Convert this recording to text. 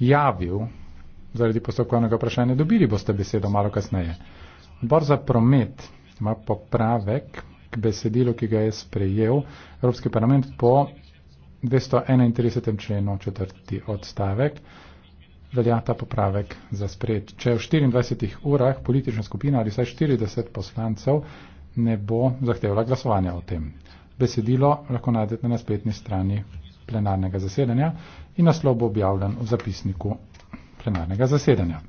javil zaradi postopkovnega vprašanja, dobili boste besedo malo kasneje. Bor za promet ima popravek k besedilu, ki ga je sprejel Evropski parlament po 231. členu četrti odstavek. Velja ta popravek za spred. Če v 24 urah politična skupina ali vsaj 40 poslancev ne bo zahtevala glasovanja o tem. Besedilo lahko najdete na spletni strani plenarnega zasedanja in naslov bo objavljen v zapisniku plenarnega zasedanja.